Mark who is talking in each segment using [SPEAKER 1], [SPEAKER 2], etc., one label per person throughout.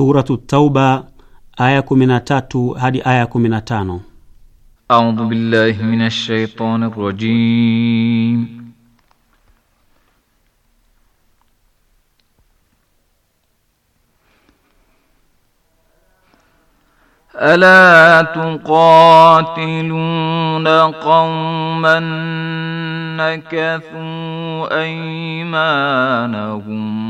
[SPEAKER 1] Suratu Tauba aya 13 hadi aya 15.
[SPEAKER 2] A'udhu billahi minash shaitanir rajim. Ala تقاتلون قوما نكثوا aymanahum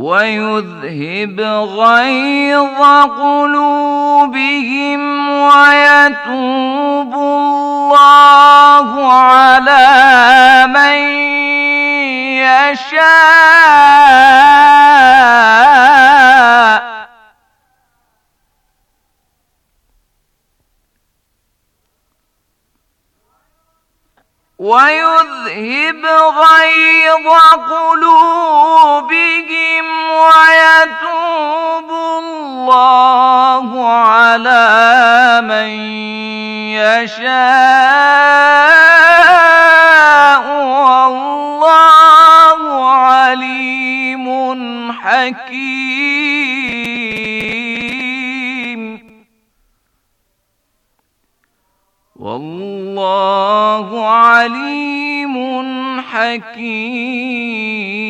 [SPEAKER 2] ويذهب غيظ قلوبهم ويتوب الله على من يشاء ويذهب غيظ قلوبهم ويتوب الله على من يشاء والله عليم حكيم والله عليم حكيم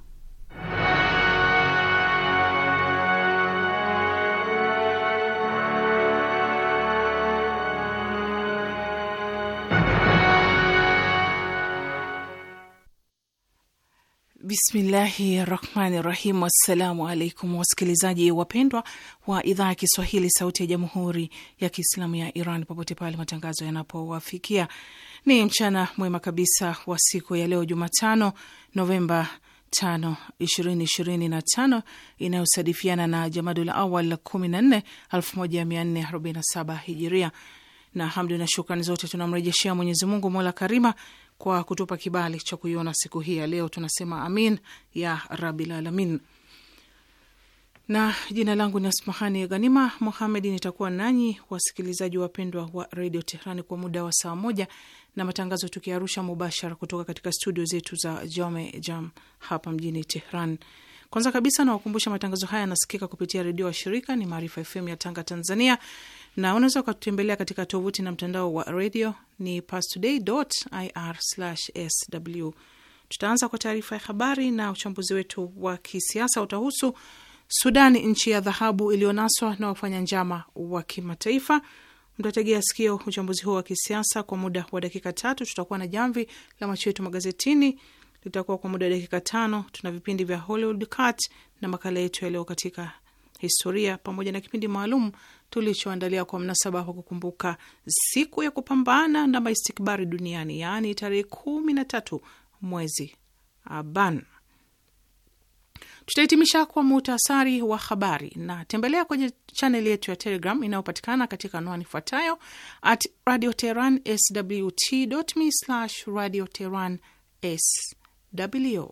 [SPEAKER 3] Bismillahi rahmani rahim. Assalamu alaikum wasikilizaji wapendwa wa idhaa ya Kiswahili sauti ya jamhuri ya Kiislamu ya Iran popote pale matangazo yanapowafikia, ni mchana mwema kabisa wa siku ya leo Jumatano Novemba 5 2025 inayosadifiana na Jamadul Awal 14 1447 Hijiria. Na hamdu na shukrani zote tunamrejeshea Mwenyezi Mungu mola karima kwa kutupa kibali cha kuiona siku hii ya leo. Tunasema amin ya rabil alamin. Na jina langu ni Asmahani Ganima Muhamedi, nitakuwa nanyi wasikilizaji wapendwa wa redio Tehrani kwa muda wa saa moja, na matangazo tukiarusha mubashara kutoka katika studio zetu za Jome Jam hapa mjini Tehran. Kwanza kabisa nawakumbusha matangazo haya yanasikika kupitia redio washirika ni Maarifa FM ya Tanga, Tanzania na unaweza ukatutembelea katika tovuti na mtandao wa redio ni pastoday.ir/sw. Tutaanza kwa taarifa ya habari na uchambuzi wetu wa kisiasa utahusu Sudani, nchi ya dhahabu iliyonaswa na wafanya njama wa kimataifa. Mtategea sikio uchambuzi huo wa kisiasa kwa muda wa dakika tatu. Tutakuwa na jamvi la macho yetu magazetini, litakuwa kwa muda wa dakika tano. Tuna vipindi vya Hollywood Cut na makala yetu yaliyo katika historia, pamoja na kipindi maalum tulichoandalia kwa mnasaba wa kukumbuka siku ya kupambana na maistikbari duniani, yaani tarehe kumi na tatu mwezi Aban. Tutahitimisha kwa muhtasari wa habari na tembelea kwenye chaneli yetu ya Telegram inayopatikana katika anwani ifuatayo at Radio Teheran swt.me slash Radio Teheran sw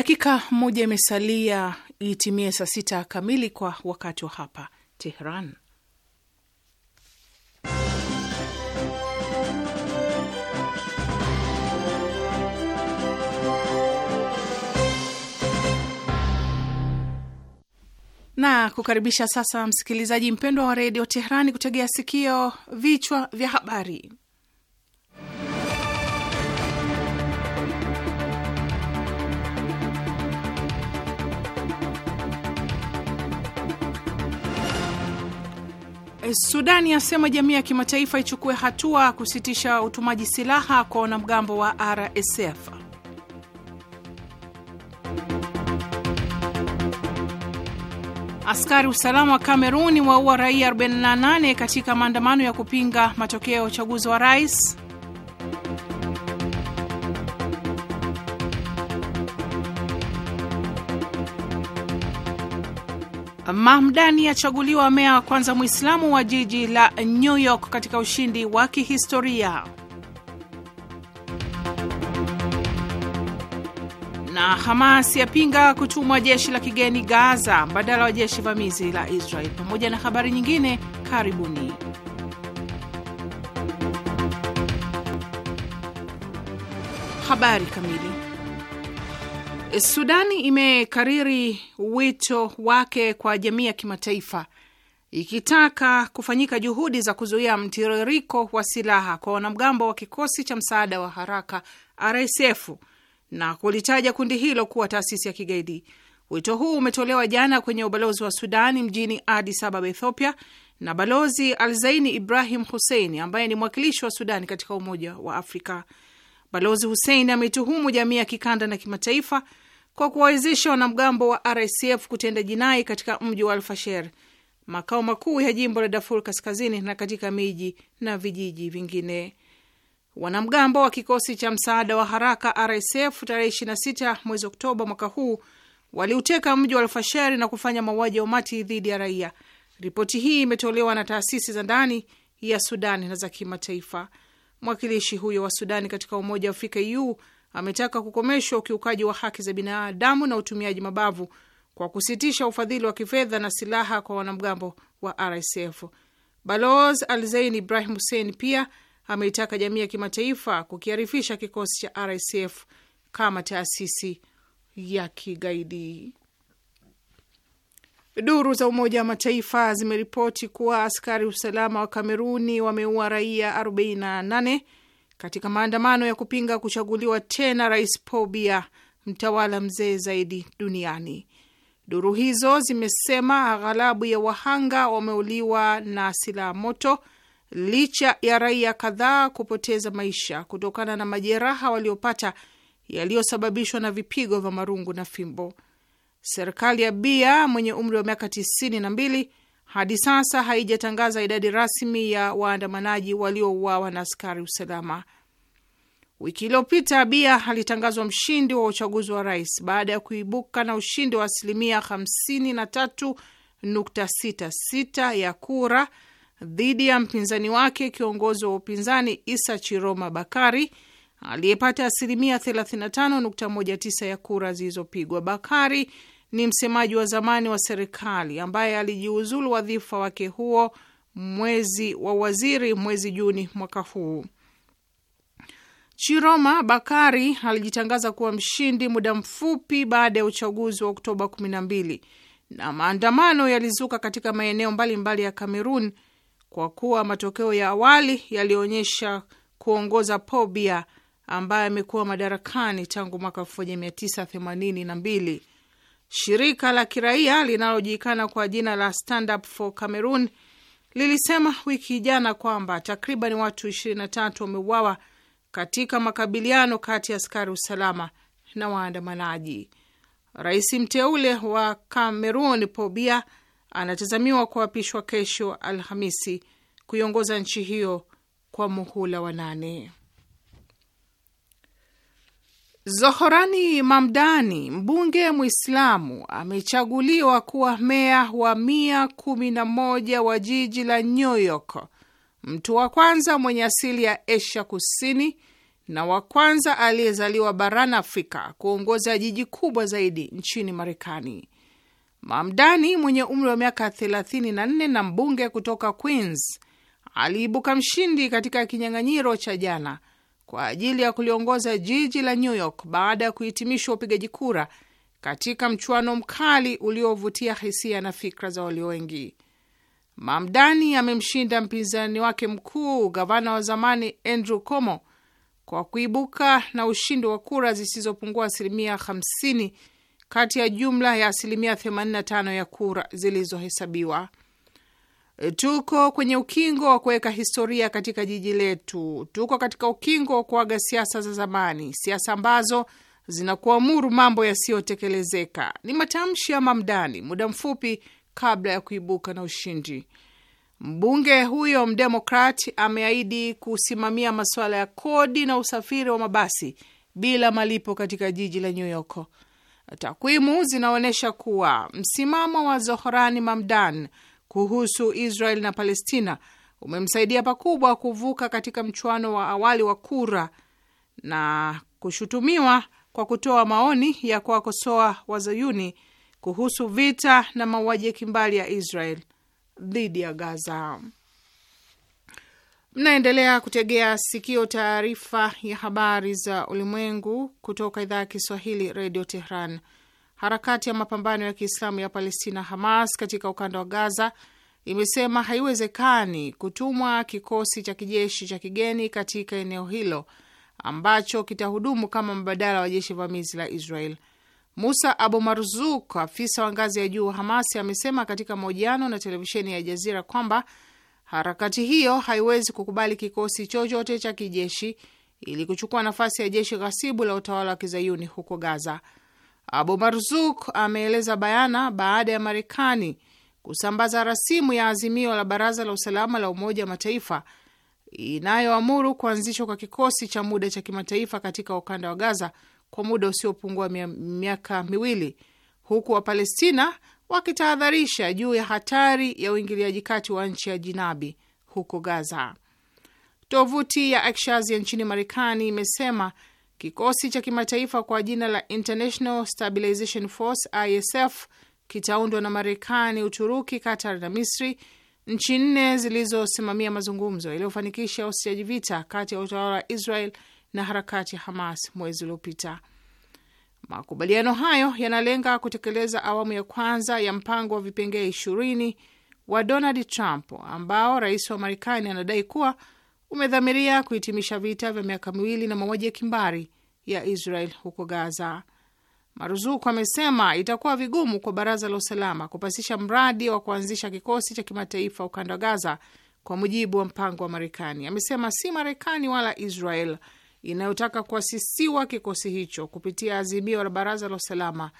[SPEAKER 3] Dakika moja imesalia itimie saa sita kamili kwa wakati wa hapa Tehran. na kukaribisha sasa msikilizaji mpendwa wa redio Teherani kutegea sikio vichwa vya habari. Sudani yasema jamii ya kimataifa ichukue hatua kusitisha utumaji silaha kwa wanamgambo wa RSF. Askari usalama wa Kameruni waua raia 48 katika maandamano ya kupinga matokeo ya uchaguzi wa rais. Mamdani achaguliwa meya wa kwanza Mwislamu wa jiji la New York katika ushindi wa kihistoria. Na Hamas yapinga kutumwa jeshi la kigeni Gaza badala wa jeshi vamizi la Israel, pamoja na habari nyingine. Karibuni. Habari kamili Sudani imekariri wito wake kwa jamii ya kimataifa ikitaka kufanyika juhudi za kuzuia mtiririko wa silaha kwa wanamgambo wa kikosi cha msaada wa haraka RSF na kulitaja kundi hilo kuwa taasisi ya kigaidi. Wito huu umetolewa jana kwenye ubalozi wa Sudani mjini Addis Ababa, Ethiopia, na Balozi Alzaini Ibrahim Hussein ambaye ni mwakilishi wa Sudani katika Umoja wa Afrika. Balozi Hussein ametuhumu jamii ya kikanda na kimataifa kwa kuwawezesha wanamgambo wa RSF kutenda jinai katika mji wa Alfasher, makao makuu ya jimbo la Darfur Kaskazini, na katika miji na vijiji vingine. Wanamgambo wa kikosi cha msaada wa haraka RSF tarehe 26 mwezi Oktoba mwaka huu waliuteka mji wa Alfasheri na kufanya mauaji ya umati dhidi ya raia. Ripoti hii imetolewa na taasisi za ndani ya Sudani na za kimataifa. Mwakilishi huyo wa Sudani katika Umoja wa Afrika e u ametaka kukomeshwa ukiukaji wa haki za binadamu na utumiaji mabavu kwa kusitisha ufadhili wa kifedha na silaha kwa wanamgambo wa RSF. Balozi Alzein Ibrahim Hussein pia ameitaka jamii ya kimataifa kukiarifisha kikosi cha RSF kama taasisi ya kigaidi. Duru za Umoja wa Mataifa zimeripoti kuwa askari usalama wa Kameruni wameua raia 48 katika maandamano ya kupinga kuchaguliwa tena Rais Paul Biya, mtawala mzee zaidi duniani. Duru hizo zimesema aghalabu ya wahanga wameuliwa na silaha moto, licha ya raia kadhaa kupoteza maisha kutokana na majeraha waliopata yaliyosababishwa na vipigo vya marungu na fimbo serikali ya Bia mwenye umri wa miaka tisini na mbili hadi sasa haijatangaza idadi rasmi ya waandamanaji waliouawa na askari usalama. Wiki iliyopita Bia alitangazwa mshindi wa uchaguzi wa rais baada ya kuibuka na ushindi wa asilimia 53.66 ya kura dhidi ya mpinzani wake, kiongozi wa upinzani Isa Chiroma Bakari aliyepata asilimia 35.19 ya kura zilizopigwa. Bakari ni msemaji wa zamani wa serikali ambaye alijiuzulu wadhifa wake huo mwezi wa waziri mwezi Juni mwaka huu. Chiroma Bakari alijitangaza kuwa mshindi muda mfupi baada ya uchaguzi wa Oktoba 12 na maandamano yalizuka katika maeneo mbalimbali mbali ya Kamerun kwa kuwa matokeo ya awali yalionyesha kuongoza Pobia ambaye amekuwa madarakani tangu mwaka 1982. Shirika la kiraia linalojulikana kwa jina la Stand Up for Cameroon lilisema wiki jana kwamba takriban watu 23 wameuawa katika makabiliano kati ya askari usalama na waandamanaji. Rais mteule wa Cameroon Paul Biya anatazamiwa kuapishwa kesho Alhamisi kuiongoza nchi hiyo kwa muhula wa nane. Zohorani Mamdani, mbunge Mwislamu, amechaguliwa kuwa meya wa mia kumi na moja wa jiji la New York, mtu wa kwanza mwenye asili ya Asia Kusini na wa kwanza aliyezaliwa barani Afrika kuongoza jiji kubwa zaidi nchini Marekani. Mamdani mwenye umri wa miaka 34 na mbunge kutoka Queens aliibuka mshindi katika kinyang'anyiro cha jana kwa ajili ya kuliongoza jiji la New York baada ya kuhitimishwa upigaji kura katika mchuano mkali uliovutia hisia na fikra za walio wengi. Mamdani amemshinda mpinzani wake mkuu, gavana wa zamani Andrew Cuomo kwa kuibuka na ushindi wa kura zisizopungua asilimia 50 kati ya jumla ya asilimia 85 ya kura zilizohesabiwa. E, tuko kwenye ukingo wa kuweka historia katika jiji letu. Tuko katika ukingo wa kuaga siasa za zamani, siasa ambazo zinakuamuru mambo yasiyotekelezeka. Ni matamshi ya Mamdani muda mfupi kabla ya kuibuka na ushindi. Mbunge huyo mdemokrat ameahidi kusimamia masuala ya kodi na usafiri wa mabasi bila malipo katika jiji la New York. Takwimu zinaonyesha kuwa msimamo wa Zohrani Mamdan kuhusu Israel na Palestina umemsaidia pakubwa kuvuka katika mchuano wa awali wa kura na kushutumiwa kwa kutoa maoni ya kuwakosoa wazayuni kuhusu vita na mauaji ya kimbali ya Israel dhidi ya Gaza. Mnaendelea kutegea sikio taarifa ya habari za ulimwengu kutoka idhaa ya Kiswahili, Redio Tehran. Harakati ya mapambano ya Kiislamu ya Palestina, Hamas, katika ukanda wa Gaza imesema haiwezekani kutumwa kikosi cha kijeshi cha kigeni katika eneo hilo ambacho kitahudumu kama mbadala wa jeshi vamizi la Israel. Musa Abu Marzuk, afisa wa ngazi ya juu wa hamas amesema katika mahojiano na televisheni ya Jazira kwamba harakati hiyo haiwezi kukubali kikosi chochote cha kijeshi ili kuchukua nafasi ya jeshi ghasibu la utawala wa kizayuni huko Gaza. Abu Marzuk ameeleza bayana baada ya Marekani kusambaza rasimu ya azimio la Baraza la Usalama la Umoja wa Mataifa inayoamuru kuanzishwa kwa kikosi cha muda cha kimataifa katika ukanda wa Gaza kwa muda usiopungua miaka miwili, huku Wapalestina wakitahadharisha juu ya hatari ya uingiliaji kati wa nchi ya jinabi huko Gaza. Tovuti ya Axios ya nchini Marekani imesema Kikosi cha kimataifa kwa jina la International Stabilization Force ISF kitaundwa na Marekani, Uturuki, Qatar na Misri, nchi nne zilizosimamia mazungumzo yaliyofanikisha usitishaji vita kati ya utawala wa Israel na harakati ya Hamas mwezi uliopita. Makubaliano hayo yanalenga kutekeleza awamu ya kwanza ya mpango wa vipengee ishirini wa Donald Trump ambao rais wa Marekani anadai kuwa umedhamiria kuhitimisha vita vya miaka miwili na mauaji ya kimbari ya Israel huko Gaza. Maruzuku amesema itakuwa vigumu kwa baraza la usalama kupasisha mradi wa kuanzisha kikosi cha kimataifa ukanda wa Gaza kwa mujibu wa mpango wa Marekani. Amesema si Marekani wala Israel inayotaka kuasisiwa kikosi hicho kupitia azimio la baraza la usalama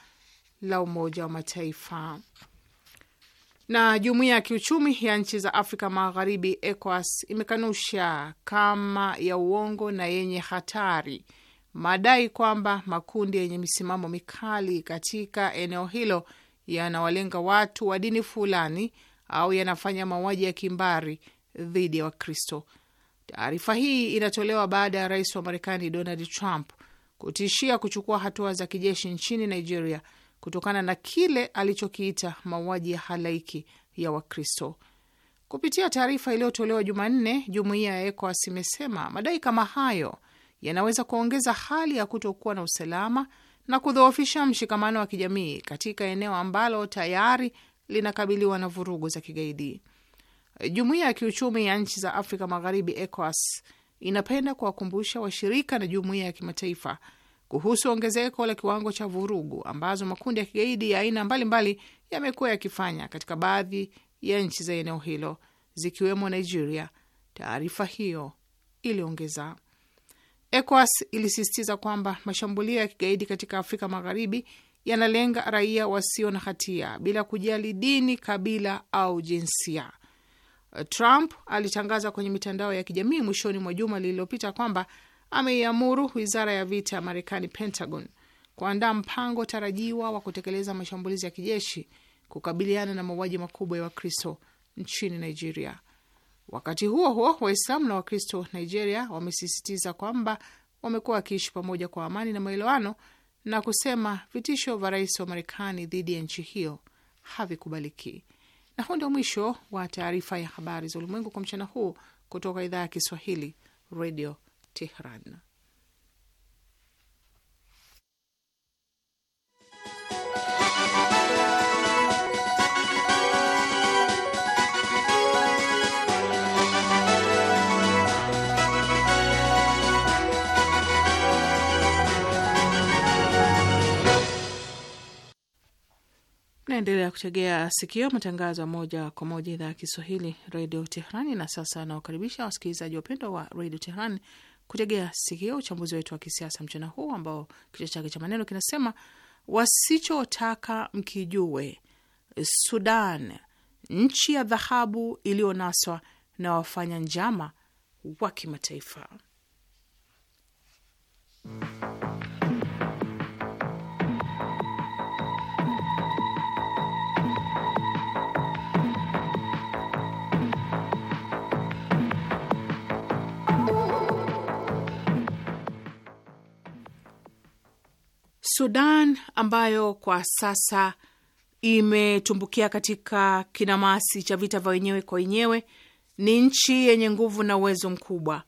[SPEAKER 3] la Umoja wa Mataifa. Na jumuiya ya kiuchumi ya nchi za Afrika Magharibi, ECOWAS, imekanusha kama ya uongo na yenye hatari madai kwamba makundi yenye misimamo mikali katika eneo hilo yanawalenga watu wa dini fulani au yanafanya mauaji ya kimbari dhidi ya Wakristo. Taarifa hii inatolewa baada ya rais wa Marekani Donald Trump kutishia kuchukua hatua za kijeshi nchini Nigeria kutokana na kile alichokiita mauaji ya halaiki ya Wakristo. Kupitia taarifa iliyotolewa Jumanne, jumuiya ya ECOWAS imesema madai kama hayo yanaweza kuongeza hali ya kutokuwa na usalama na kudhoofisha mshikamano wa kijamii katika eneo ambalo tayari linakabiliwa na vurugu za kigaidi. Jumuiya ya kiuchumi ya nchi za Afrika Magharibi, ECOWAS, inapenda kuwakumbusha washirika na jumuiya ya kimataifa kuhusu ongezeko la kiwango cha vurugu ambazo makundi ya kigaidi ya aina mbalimbali yamekuwa yakifanya katika baadhi ya nchi za eneo hilo zikiwemo Nigeria. Taarifa hiyo iliongeza. ECOWAS ilisisitiza kwamba mashambulio ya kigaidi katika Afrika Magharibi yanalenga raia wasio na hatia bila kujali dini, kabila au jinsia. Trump alitangaza kwenye mitandao ya kijamii mwishoni mwa juma lililopita kwamba ameiamuru wizara ya vita ya Marekani, Pentagon, kuandaa mpango tarajiwa wa kutekeleza mashambulizi ya kijeshi kukabiliana na mauaji makubwa ya Wakristo nchini Nigeria. Wakati huo huo, Waislamu na Wakristo Nigeria wamesisitiza kwamba wamekuwa wakiishi pamoja kwa amani na maelewano na kusema vitisho vya rais wa Marekani dhidi ya nchi hiyo havikubaliki. Na huu ndio mwisho wa taarifa ya habari za ulimwengu kwa mchana huu kutoka idhaa ya Kiswahili, Radio Tehran. Naendelea kutegea sikio matangazo moja kwa moja idhaa ya Kiswahili redio Tehrani. Na sasa anawakaribisha wasikilizaji wapendwa wa redio Tehrani kutegea sikio uchambuzi wetu wa kisiasa mchana huu ambao kichwa chake cha maneno kinasema wasichotaka mkijue, Sudan nchi ya dhahabu iliyonaswa na wafanya njama wa kimataifa. Sudan ambayo kwa sasa imetumbukia katika kinamasi cha vita vya wenyewe kwa wenyewe ni nchi yenye nguvu na uwezo mkubwa.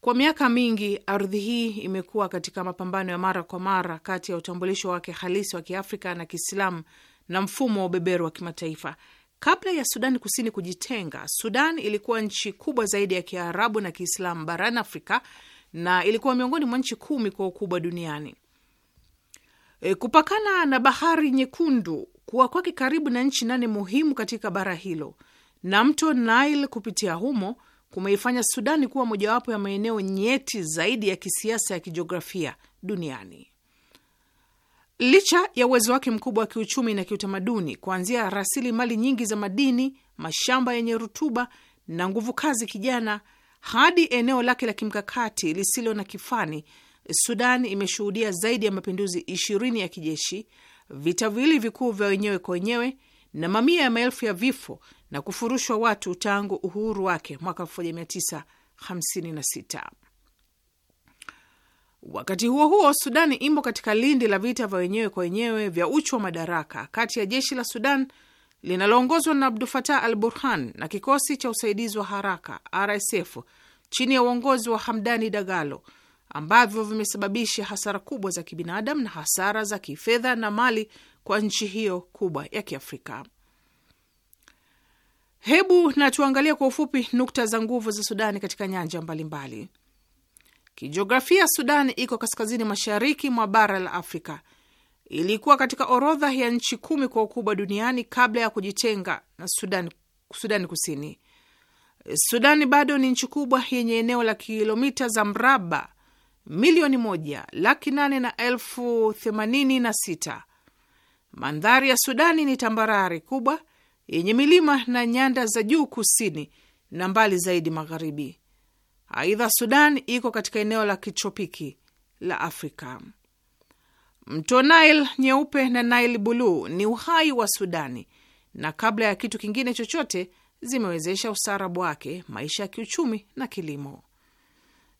[SPEAKER 3] Kwa miaka mingi, ardhi hii imekuwa katika mapambano ya mara kwa mara kati ya utambulisho wake halisi wa Kiafrika na Kiislamu na mfumo wa ubeberu wa kimataifa. Kabla ya Sudani Kusini kujitenga, Sudan ilikuwa nchi kubwa zaidi ya Kiarabu na Kiislamu barani Afrika na ilikuwa miongoni mwa nchi kumi kwa ukubwa duniani. E, kupakana na bahari Nyekundu, kuwa kwake karibu na nchi nane muhimu katika bara hilo na mto Nile kupitia humo kumeifanya Sudani kuwa mojawapo ya maeneo nyeti zaidi ya kisiasa ya kijiografia duniani. Licha ya uwezo wake mkubwa wa kiuchumi na kiutamaduni, kuanzia rasilimali nyingi za madini, mashamba yenye rutuba na nguvu kazi kijana, hadi eneo lake la kimkakati lisilo na kifani Sudan imeshuhudia zaidi ya mapinduzi ishirini ya kijeshi, vita viwili vikuu vya wenyewe kwa wenyewe na mamia ya maelfu ya vifo na kufurushwa watu tangu uhuru wake mwaka 1956. Wakati huo huo, Sudani imo katika lindi la vita vya wenyewe kwa wenyewe vya uchu wa madaraka kati ya jeshi la Sudan linaloongozwa na Abdul Fatah al Burhan na kikosi cha usaidizi wa haraka RSF chini ya uongozi wa Hamdani Dagalo ambavyo vimesababisha hasara kubwa za kibinadamu na hasara za kifedha na mali kwa nchi hiyo kubwa ya Kiafrika. Hebu na tuangalie kwa ufupi nukta za nguvu za Sudani katika nyanja mbalimbali. Kijiografia, Sudani iko kaskazini mashariki mwa bara la Afrika. Ilikuwa katika orodha ya nchi kumi kwa ukubwa duniani kabla ya kujitenga na Sudani, Sudani Kusini. Sudani bado ni nchi kubwa yenye eneo la kilomita za mraba milioni moja laki nane na elfu themanini na sita. Mandhari ya Sudani ni tambarare kubwa yenye milima na nyanda za juu kusini na mbali zaidi magharibi. Aidha, Sudan iko katika eneo la kitropiki la Afrika. Mto Nile nyeupe na Nile buluu ni uhai wa Sudani, na kabla ya kitu kingine chochote zimewezesha ustaarabu wake, maisha ya kiuchumi na kilimo.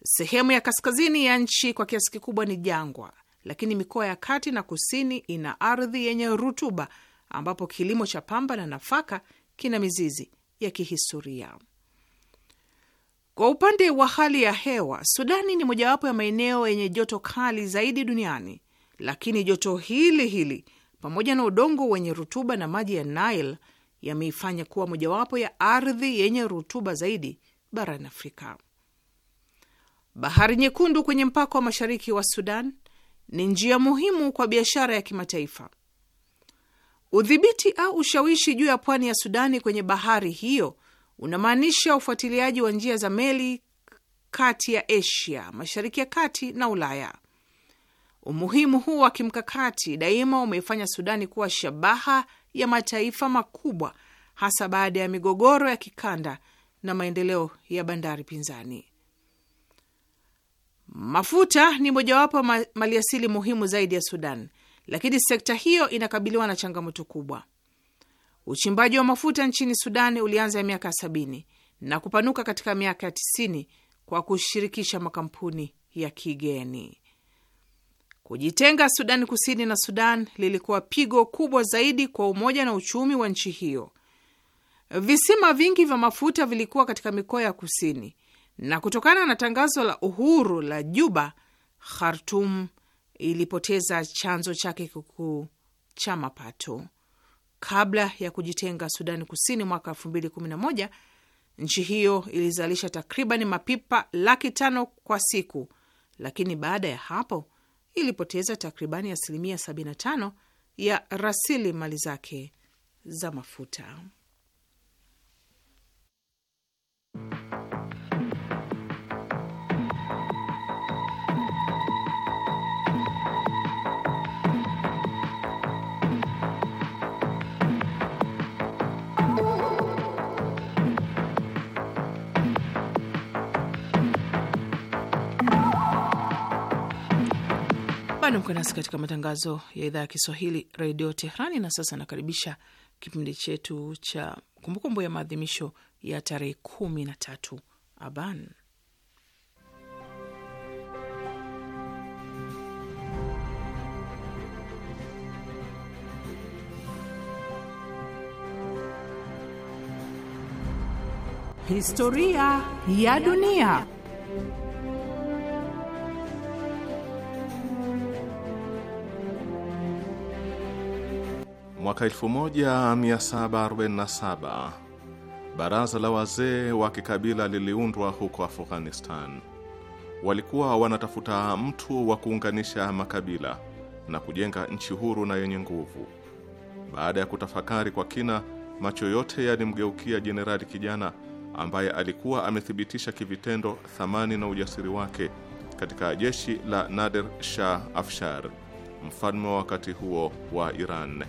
[SPEAKER 3] Sehemu ya kaskazini ya nchi kwa kiasi kikubwa ni jangwa, lakini mikoa ya kati na kusini ina ardhi yenye rutuba ambapo kilimo cha pamba na nafaka kina mizizi ya kihistoria. Kwa upande wa hali ya hewa, Sudani ni mojawapo ya maeneo yenye joto kali zaidi duniani, lakini joto hili hili pamoja na udongo wenye rutuba na maji ya Nile yameifanya kuwa mojawapo ya ardhi yenye rutuba zaidi barani Afrika. Bahari Nyekundu kwenye mpaka wa mashariki wa Sudan ni njia muhimu kwa biashara ya kimataifa. Udhibiti au ushawishi juu ya pwani ya Sudani kwenye bahari hiyo unamaanisha ufuatiliaji wa njia za meli kati ya Asia, mashariki ya kati na Ulaya. Umuhimu huu wa kimkakati daima umeifanya Sudani kuwa shabaha ya mataifa makubwa, hasa baada ya migogoro ya kikanda na maendeleo ya bandari pinzani. Mafuta ni mojawapo ya maliasili muhimu zaidi ya Sudan, lakini sekta hiyo inakabiliwa na changamoto kubwa. Uchimbaji wa mafuta nchini Sudan ulianza ya miaka ya sabini na kupanuka katika miaka ya tisini kwa kushirikisha makampuni ya kigeni. Kujitenga sudani Kusini na Sudan lilikuwa pigo kubwa zaidi kwa umoja na uchumi wa nchi hiyo. Visima vingi vya mafuta vilikuwa katika mikoa ya kusini na kutokana na tangazo la uhuru la Juba, Khartum ilipoteza chanzo chake kikuu cha mapato. Kabla ya kujitenga Sudani Kusini mwaka elfu mbili kumi na moja, nchi hiyo ilizalisha takriban mapipa laki tano kwa siku, lakini baada ya hapo ilipoteza takribani asilimia 75 ya rasili mali zake za mafuta. Bado mko nasi katika matangazo ya idhaa ya Kiswahili redio Tehrani. Na sasa nakaribisha kipindi chetu cha kumbukumbu ya maadhimisho ya tarehe kumi na tatu Aban. Historia ya dunia.
[SPEAKER 4] Mwaka 1747 baraza la wazee wa kikabila liliundwa huko Afghanistan. Walikuwa wanatafuta mtu wa kuunganisha makabila na kujenga nchi huru na yenye nguvu. Baada ya kutafakari kwa kina, macho yote yalimgeukia jenerali kijana ambaye alikuwa amethibitisha kivitendo thamani na ujasiri wake katika jeshi la Nader Shah Afshar, mfalme wa wakati huo wa Iran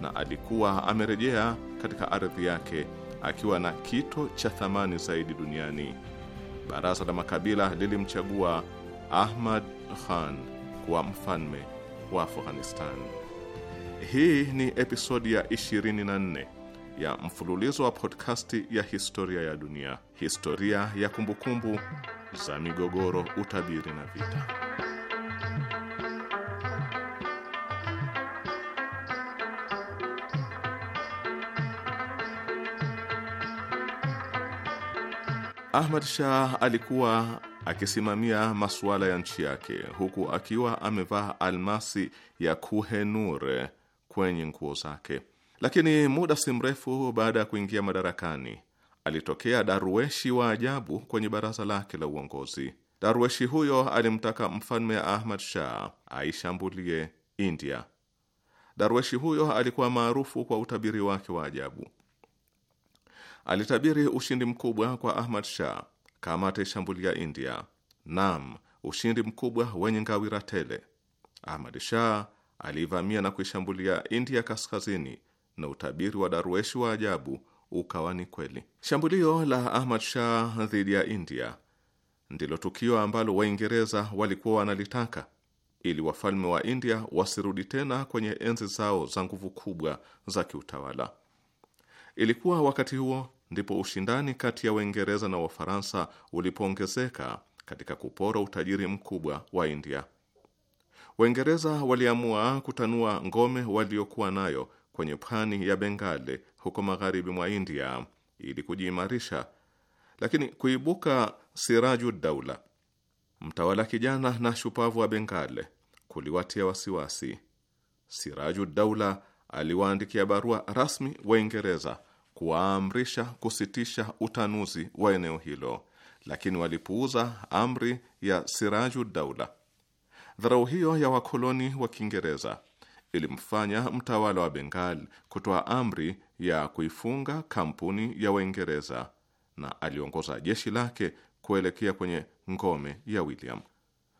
[SPEAKER 4] na alikuwa amerejea katika ardhi yake akiwa na kito cha thamani zaidi duniani. Baraza la makabila lilimchagua Ahmad Khan kuwa mfalme wa Afghanistan. Hii ni episodi ya 24 ya mfululizo wa podkasti ya historia ya dunia, historia ya kumbukumbu za migogoro, utabiri na vita. Ahmad Shah alikuwa akisimamia masuala ya nchi yake huku akiwa amevaa almasi ya kuhenure kwenye nguo zake, lakini muda si mrefu baada ya kuingia madarakani alitokea darueshi wa ajabu kwenye baraza lake la uongozi. Darueshi huyo alimtaka mfalme Ahmad Shah aishambulie India. Darueshi huyo alikuwa maarufu kwa utabiri wake wa ajabu alitabiri ushindi mkubwa kwa Ahmad Shah kama ataishambulia India. Naam, ushindi mkubwa wenye ngawira tele. Ahmad Shah aliivamia na kuishambulia India kaskazini, na utabiri wa Darweshi wa ajabu ukawa ni kweli. Shambulio la Ahmad Shah dhidi ya India ndilo tukio ambalo Waingereza walikuwa wanalitaka ili wafalme wa India wasirudi tena kwenye enzi zao za nguvu kubwa za kiutawala. Ilikuwa wakati huo ndipo ushindani kati ya Waingereza na Wafaransa ulipoongezeka katika kupora utajiri mkubwa wa India. Waingereza waliamua kutanua ngome waliokuwa nayo kwenye pwani ya Bengale huko magharibi mwa India ili kujiimarisha, lakini kuibuka Siraju Daula, mtawala kijana na shupavu wa Bengale, kuliwatia wasiwasi. Siraju Daula aliwaandikia barua rasmi Waingereza kuwaamrisha kusitisha utanuzi wa eneo hilo, lakini walipuuza amri ya Siraju Daula. Dharau hiyo ya wakoloni wa Kiingereza ilimfanya mtawala wa Bengal kutoa amri ya kuifunga kampuni ya Waingereza na aliongoza jeshi lake kuelekea kwenye ngome ya William.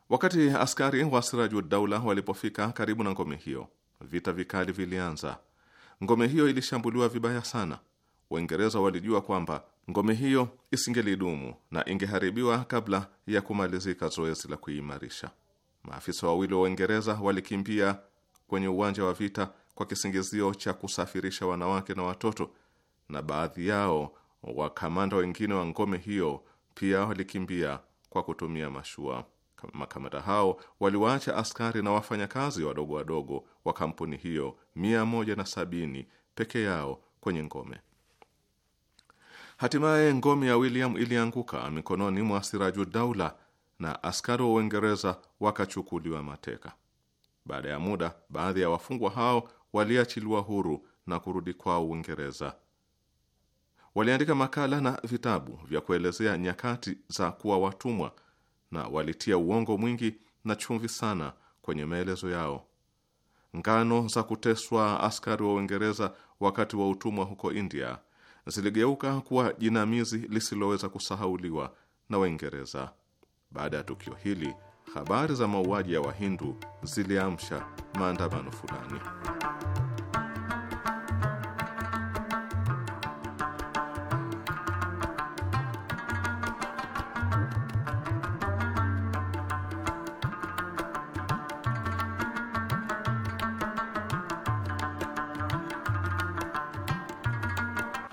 [SPEAKER 4] Wakati askari wa Siraju Daula walipofika karibu na ngome hiyo, vita vikali vilianza. Ngome hiyo ilishambuliwa vibaya sana. Waingereza walijua kwamba ngome hiyo isingelidumu na ingeharibiwa kabla ya kumalizika zoezi la kuimarisha. Maafisa wawili wa Uingereza walikimbia kwenye uwanja wa vita kwa kisingizio cha kusafirisha wanawake na watoto, na baadhi yao wakamanda wengine wa ngome hiyo pia walikimbia kwa kutumia mashua. Makamanda hao waliwaacha askari na wafanyakazi wadogo wadogo wa kampuni hiyo mia moja na sabini peke yao kwenye ngome. Hatimaye ngome ya William ilianguka mikononi mwa Siraju Daula na askari wa Uingereza wakachukuliwa mateka. Baada ya muda, baadhi ya wafungwa hao waliachiliwa huru na kurudi kwao Uingereza. Waliandika makala na vitabu vya kuelezea nyakati za kuwa watumwa na walitia uongo mwingi na chumvi sana kwenye maelezo yao. Ngano za kuteswa askari wa Uingereza wakati wa utumwa huko India ziligeuka kuwa jinamizi lisiloweza kusahauliwa na Waingereza. Baada ya tukio hili, habari za mauaji ya Wahindu ziliamsha maandamano fulani.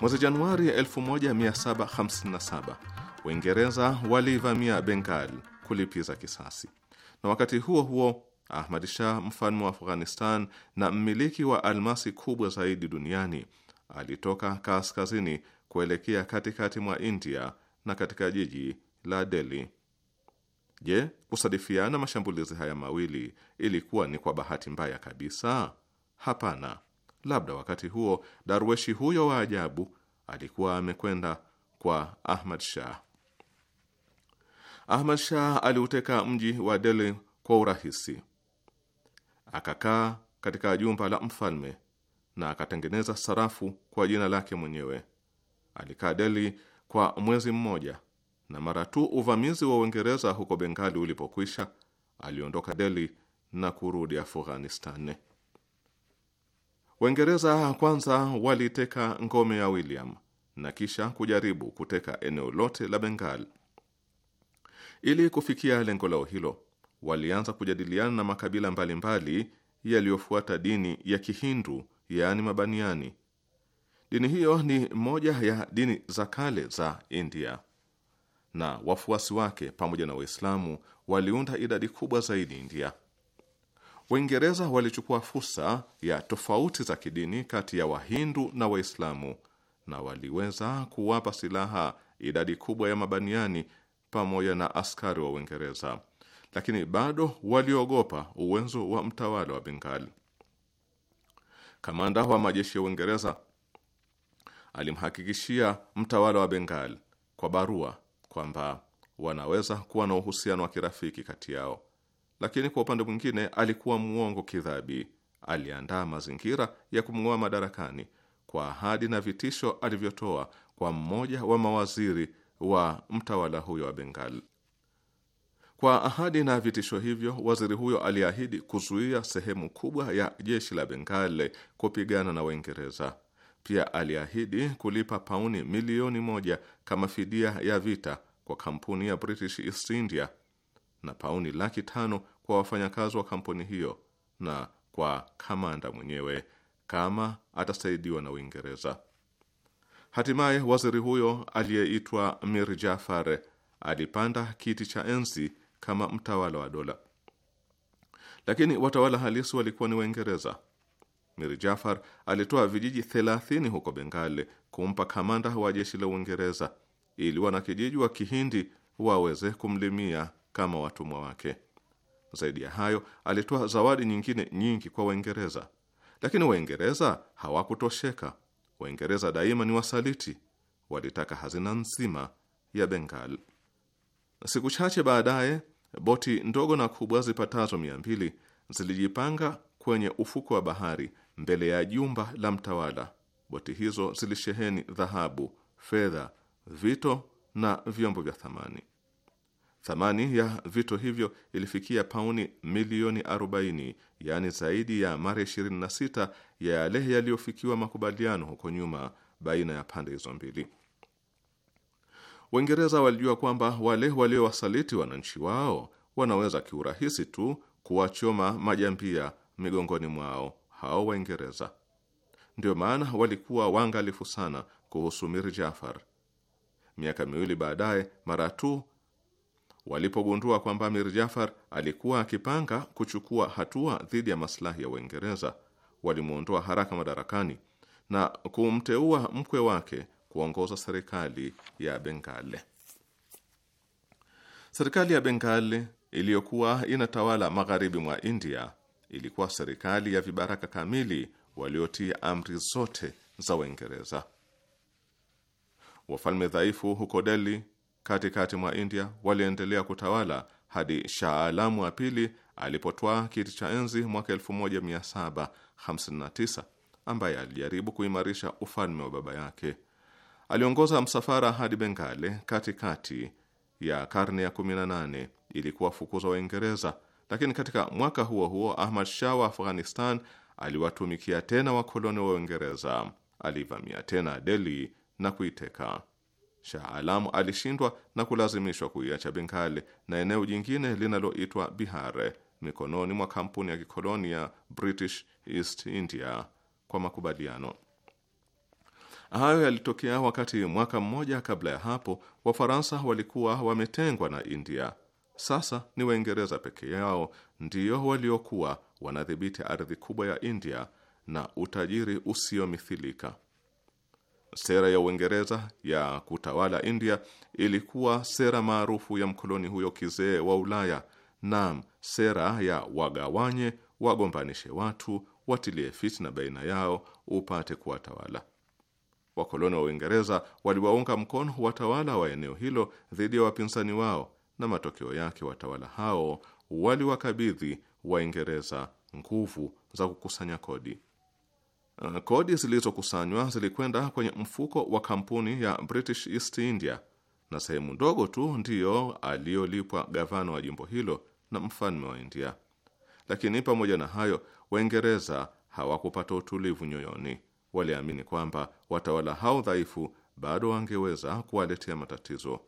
[SPEAKER 4] Mwezi Januari 1757 Uingereza waliivamia Bengal kulipiza kisasi, na wakati huo huo Ahmad Shah, mfalme wa Afghanistan na mmiliki wa almasi kubwa zaidi duniani, alitoka kaskazini kuelekea katikati mwa India na katika jiji la Delhi. Je, kusadifiana mashambulizi haya mawili ilikuwa ni kwa bahati mbaya kabisa? Hapana. Labda wakati huo darweshi huyo wa ajabu alikuwa amekwenda kwa Ahmad Shah. Ahmad Shah aliuteka mji wa Delhi kwa urahisi, akakaa katika jumba la mfalme na akatengeneza sarafu kwa jina lake mwenyewe. Alikaa Delhi kwa mwezi mmoja, na mara tu uvamizi wa Uingereza huko Bengali ulipokwisha, aliondoka Delhi na kurudi Afghanistan. Waingereza kwanza waliteka ngome ya William na kisha kujaribu kuteka eneo lote la Bengal. Ili kufikia lengo lao hilo, walianza kujadiliana na makabila mbalimbali yaliyofuata dini ya Kihindu, yaani Mabaniani. Dini hiyo ni moja ya dini za kale za India na wafuasi wake pamoja na Waislamu waliunda idadi kubwa zaidi India. Waingereza walichukua fursa ya tofauti za kidini kati ya Wahindu na Waislamu na waliweza kuwapa silaha idadi kubwa ya mabaniani pamoja na askari wa Uingereza, lakini bado waliogopa uwezo wa mtawala wa Bengali. Kamanda wa majeshi ya Uingereza alimhakikishia mtawala wa Bengali kwa barua kwamba wanaweza kuwa na uhusiano wa kirafiki kati yao lakini kwa upande mwingine alikuwa mwongo kidhabi. Aliandaa mazingira ya kumng'oa madarakani kwa ahadi na vitisho alivyotoa kwa mmoja wa mawaziri wa mtawala huyo wa Bengal. Kwa ahadi na vitisho hivyo, waziri huyo aliahidi kuzuia sehemu kubwa ya jeshi la Bengal kupigana na Waingereza. Pia aliahidi kulipa pauni milioni moja kama fidia ya vita kwa kampuni ya British East India na pauni laki tano kwa wafanyakazi wa kampuni hiyo na kwa kamanda mwenyewe kama atasaidiwa na Uingereza. Hatimaye waziri huyo aliyeitwa Mir Jafar alipanda kiti cha enzi kama mtawala wa dola, lakini watawala halisi walikuwa ni Waingereza. Mir Jafar alitoa vijiji thelathini huko Bengali kumpa kamanda wa jeshi la Uingereza ili wanakijiji wa Kihindi waweze kumlimia kama watumwa wake. Zaidi ya hayo, alitoa zawadi nyingine nyingi kwa Waingereza, lakini Waingereza hawakutosheka. Waingereza daima ni wasaliti, walitaka hazina nzima ya Bengal. Siku chache baadaye, boti ndogo na kubwa zipatazo mia mbili zilijipanga kwenye ufuko wa bahari mbele ya jumba la mtawala. Boti hizo zilisheheni dhahabu, fedha, vito na vyombo vya thamani. Thamani ya vito hivyo ilifikia pauni milioni 40, yaani zaidi ya mara 26 ya yale yaliyofikiwa makubaliano huko nyuma baina ya pande hizo mbili. Waingereza walijua kwamba wale waliowasaliti wananchi wao wanaweza kiurahisi tu kuwachoma majambia migongoni mwao hao Waingereza. Ndio maana walikuwa waangalifu sana kuhusu Mir Jafar. Miaka miwili baadaye, mara tu Walipogundua kwamba Mir Jafar alikuwa akipanga kuchukua hatua dhidi ya maslahi ya Uingereza, walimwondoa haraka madarakani na kumteua mkwe wake kuongoza serikali ya Bengale. Serikali ya bengale iliyokuwa inatawala magharibi mwa India ilikuwa serikali ya vibaraka kamili waliotia amri zote za Uingereza. Wafalme dhaifu huko Delhi katikati mwa India waliendelea kutawala hadi Shah Alam wa pili alipotwaa kiti cha enzi mwaka 1759, ambaye alijaribu kuimarisha ufalme wa baba yake. Aliongoza msafara hadi Bengale katikati ya karne ya 18 ili kuwafukuza Waingereza, lakini katika mwaka huo huo Ahmad Shah wa Afghanistan aliwatumikia tena wakoloni wa Uingereza. Alivamia tena Delhi na kuiteka. Shah Alam alishindwa na kulazimishwa kuiacha Bengali na eneo jingine linaloitwa Bihar mikononi mwa kampuni ya kikoloni ya British East India kwa makubaliano. Hayo yalitokea wakati mwaka mmoja kabla ya hapo Wafaransa walikuwa wametengwa na India. Sasa ni Waingereza peke yao ndiyo waliokuwa wanadhibiti ardhi kubwa ya India na utajiri usiomithilika. Sera ya Uingereza ya kutawala India ilikuwa sera maarufu ya mkoloni huyo kizee wa Ulaya. Naam, sera ya wagawanye, wagombanishe watu, watilie fitna baina yao, upate kuwatawala. Wakoloni wa Uingereza waliwaunga mkono watawala wa eneo hilo dhidi ya wapinzani wao, na matokeo yake watawala hao waliwakabidhi Waingereza nguvu za kukusanya kodi. Uh, kodi zilizokusanywa zilikwenda kwenye mfuko wa kampuni ya British East India na sehemu ndogo tu ndiyo aliyolipwa gavana wa jimbo hilo na mfalme wa India. Lakini pamoja na hayo, Waingereza hawakupata utulivu nyoyoni. Waliamini kwamba watawala hao dhaifu bado wangeweza kuwaletea matatizo.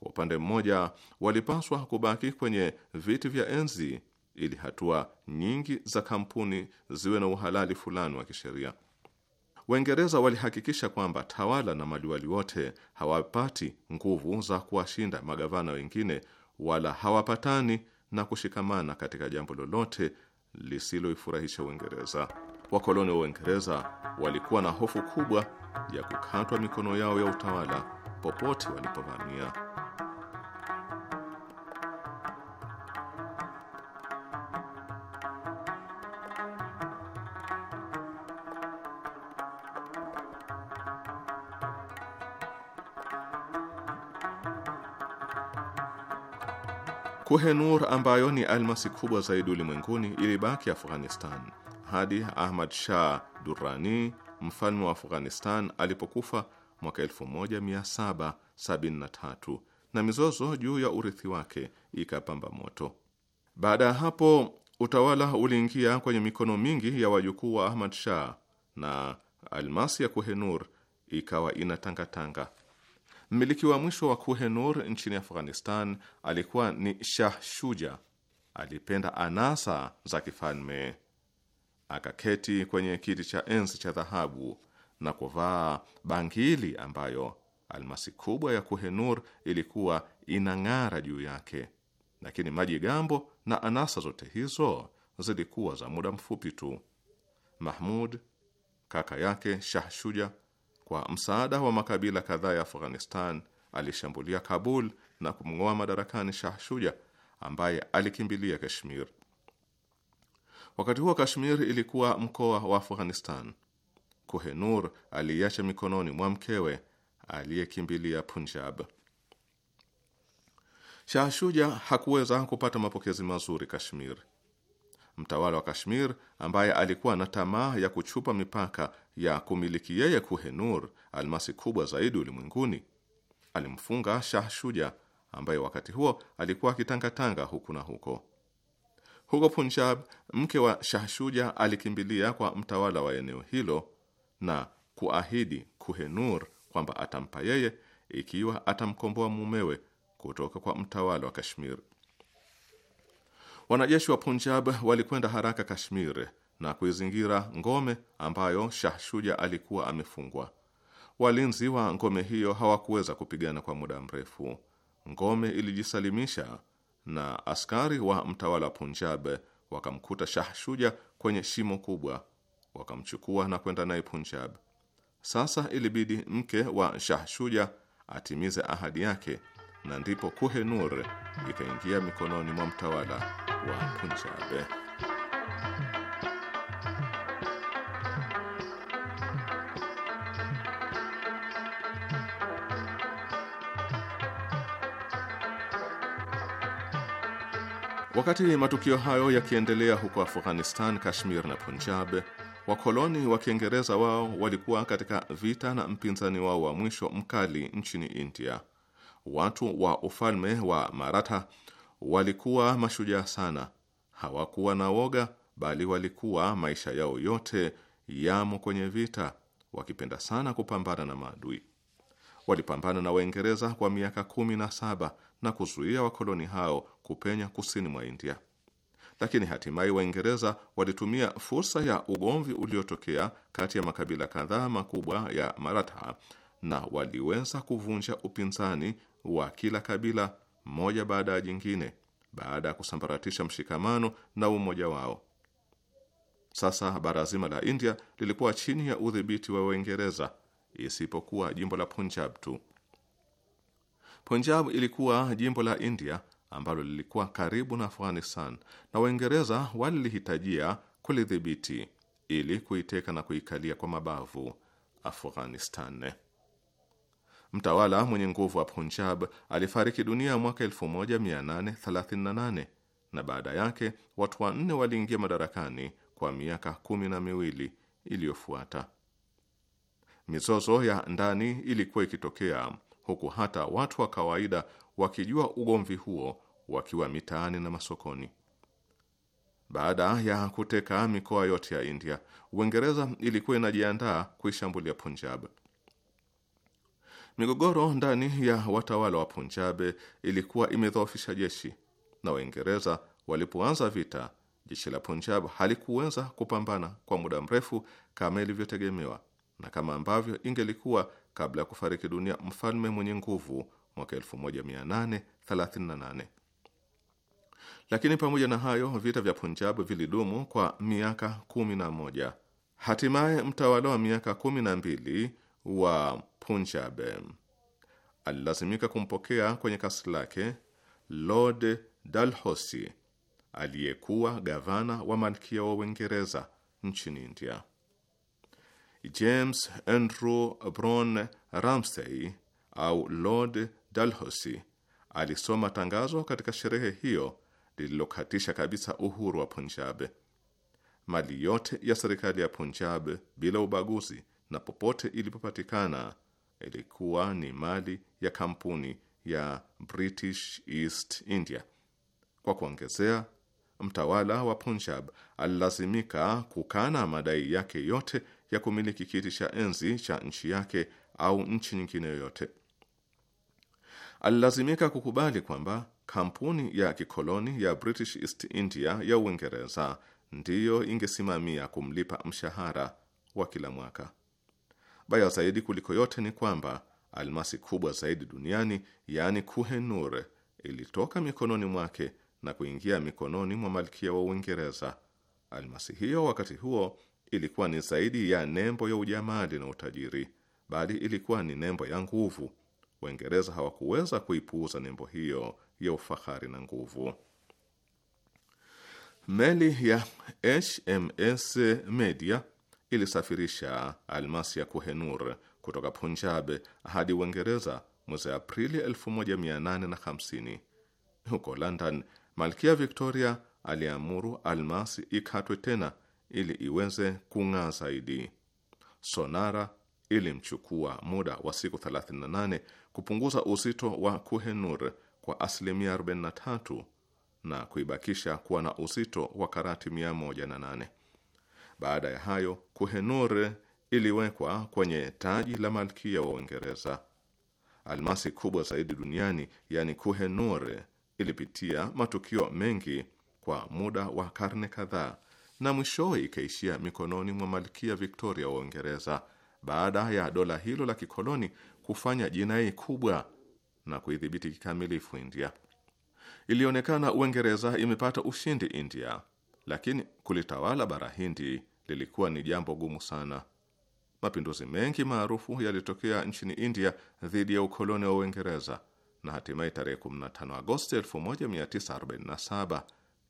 [SPEAKER 4] Kwa upande mmoja, walipaswa kubaki kwenye viti vya enzi ili hatua nyingi za kampuni ziwe na uhalali fulani wa kisheria. Waingereza walihakikisha kwamba tawala na maliwali wote hawapati nguvu za kuwashinda magavana wengine wala hawapatani na kushikamana katika jambo lolote lisiloifurahisha Uingereza. Wakoloni wa Uingereza walikuwa na hofu kubwa ya kukatwa mikono yao ya utawala popote walipovamia. Kuhe Nur ambayo ni almasi kubwa zaidi ulimwenguni ilibaki Afghanistan hadi Ahmad Shah Durrani, mfalme wa Afghanistan, alipokufa mwaka 1773 na mizozo juu ya urithi wake ikapamba moto. Baada ya hapo, utawala uliingia kwenye mikono mingi ya wajukuu wa Ahmad Shah na almasi ya Kuhenur ikawa inatangatanga Mmiliki wa mwisho wa Kuhenur nchini Afghanistan alikuwa ni Shah Shuja. Alipenda anasa za kifalme, akaketi kwenye kiti cha enzi cha dhahabu na kuvaa bangili ambayo almasi kubwa ya Kuhenur ilikuwa inang'ara juu yake. Lakini majigambo na anasa zote hizo zilikuwa za muda mfupi tu. Mahmud kaka yake Shah Shuja kwa msaada wa makabila kadhaa ya Afghanistan alishambulia Kabul na kumng'oa madarakani Shah Shuja ambaye alikimbilia Kashmir. Wakati huo Kashmir ilikuwa mkoa wa Afghanistan. Kohenur aliacha mikononi mwa mkewe aliyekimbilia Punjab. Shah Shuja hakuweza kupata mapokezi mazuri Kashmir mtawala wa Kashmir ambaye alikuwa na tamaa ya kuchupa mipaka ya kumiliki yeye Kuhenur, almasi kubwa zaidi ulimwenguni, alimfunga Shah Shuja ambaye wakati huo alikuwa akitangatanga huku na huko. Huko Punjab, mke wa Shah Shuja alikimbilia kwa mtawala wa eneo hilo na kuahidi Kuhenur kwamba atampa yeye ikiwa atamkomboa mumewe kutoka kwa mtawala wa Kashmir. Wanajeshi wa Punjab walikwenda haraka Kashmir na kuizingira ngome ambayo Shah Shuja alikuwa amefungwa. Walinzi wa ngome hiyo hawakuweza kupigana kwa muda mrefu. Ngome ilijisalimisha na askari wa mtawala wa Punjab wakamkuta Shah Shuja kwenye shimo kubwa, wakamchukua na kwenda naye Punjab. Sasa ilibidi mke wa Shah Shuja atimize ahadi yake, na ndipo Kuhe Nur ikaingia mikononi mwa mtawala wa Punjab. Wakati matukio hayo yakiendelea huko Afghanistan, Kashmir na Punjab, wakoloni wa Kiingereza wao walikuwa katika vita na mpinzani wao wa mwisho mkali nchini India. Watu wa ufalme wa Maratha walikuwa mashujaa sana, hawakuwa na woga, bali walikuwa maisha yao yote yamo kwenye vita, wakipenda sana kupambana na maadui. Walipambana na Waingereza kwa miaka kumi na saba na kuzuia wakoloni hao kupenya kusini mwa India, lakini hatimaye Waingereza walitumia fursa ya ugomvi uliotokea kati ya makabila kadhaa makubwa ya Maratha na waliweza kuvunja upinzani wa kila kabila moja baada ya jingine, baada ya kusambaratisha mshikamano na umoja wao. Sasa bara zima la India lilikuwa chini ya udhibiti wa Uingereza isipokuwa jimbo la Punjab tu. Punjab ilikuwa jimbo la India ambalo lilikuwa karibu na Afghanistan na Waingereza walilihitajia kulidhibiti ili kuiteka na kuikalia kwa mabavu Afghanistan. Mtawala mwenye nguvu wa Punjab alifariki dunia mwaka 1838 na baada yake watu wanne waliingia madarakani kwa miaka kumi na miwili iliyofuata. Mizozo ya ndani ilikuwa ikitokea huku hata watu wa kawaida wakijua ugomvi huo wakiwa mitaani na masokoni. Baada ya kuteka mikoa yote ya India, Uingereza ilikuwa inajiandaa kuishambulia Punjab. Migogoro ndani ya watawala wa Punjabe ilikuwa imedhoofisha jeshi, na Waingereza walipoanza vita, jeshi la Punjab halikuweza kupambana kwa muda mrefu kama ilivyotegemewa na kama ambavyo ingelikuwa kabla ya kufariki dunia mfalme mwenye nguvu mwaka 1838. Lakini pamoja na hayo, vita vya Punjab vilidumu kwa miaka kumi na moja. Hatimaye mtawala wa miaka kumi na mbili wa Punjab alilazimika kumpokea kwenye kasi lake Lord Dalhousie aliyekuwa gavana wa malkia wa Uingereza nchini India. James Andrew Brown Ramsay au Lord Dalhousie alisoma tangazo katika sherehe hiyo lililokatisha kabisa uhuru wa Punjab. Mali yote ya serikali ya Punjab bila ubaguzi na popote ilipopatikana ilikuwa ni mali ya kampuni ya British East India. Kwa kuongezea, mtawala wa Punjab alilazimika kukana madai yake yote ya kumiliki kiti cha enzi cha nchi yake au nchi nyingine yoyote. Alilazimika kukubali kwamba kampuni ya kikoloni ya British East India ya Uingereza ndiyo ingesimamia kumlipa mshahara wa kila mwaka baya zaidi kuliko yote ni kwamba almasi kubwa zaidi duniani, yaani Kuhe Nur, ilitoka mikononi mwake na kuingia mikononi mwa malkia wa Uingereza. Almasi hiyo wakati huo ilikuwa ni zaidi ya nembo ya ujamali na utajiri, bali ilikuwa ni nembo ya nguvu. Waingereza hawakuweza kuipuuza nembo hiyo ya ufahari na nguvu. Meli ya HMS Media ilisafirisha almasi ya Kuhenur kutoka Punjab hadi Uingereza mwezi Aprili 1850. Huko London, Malkia Victoria aliamuru almasi ikatwe tena ili iweze kung'aa zaidi. Sonara ilimchukua muda wa siku 38 kupunguza uzito wa Kuhenur kwa asilimia 43 na kuibakisha kuwa na uzito wa karati 108. Baada ya hayo, Kuhenur iliwekwa kwenye taji la malkia wa Uingereza. Almasi kubwa zaidi duniani, yani Kuhenur, ilipitia matukio mengi kwa muda wa karne kadhaa na mwishowe ikaishia mikononi mwa malkia Victoria wa Uingereza baada ya dola hilo la kikoloni kufanya jinai kubwa na kuidhibiti kikamilifu India. Ilionekana Uingereza imepata ushindi India, lakini kulitawala bara Hindi lilikuwa ni jambo gumu sana. Mapinduzi mengi maarufu yalitokea nchini India dhidi ya ukoloni wa Uingereza na hatimaye tarehe 15 Agosti 1947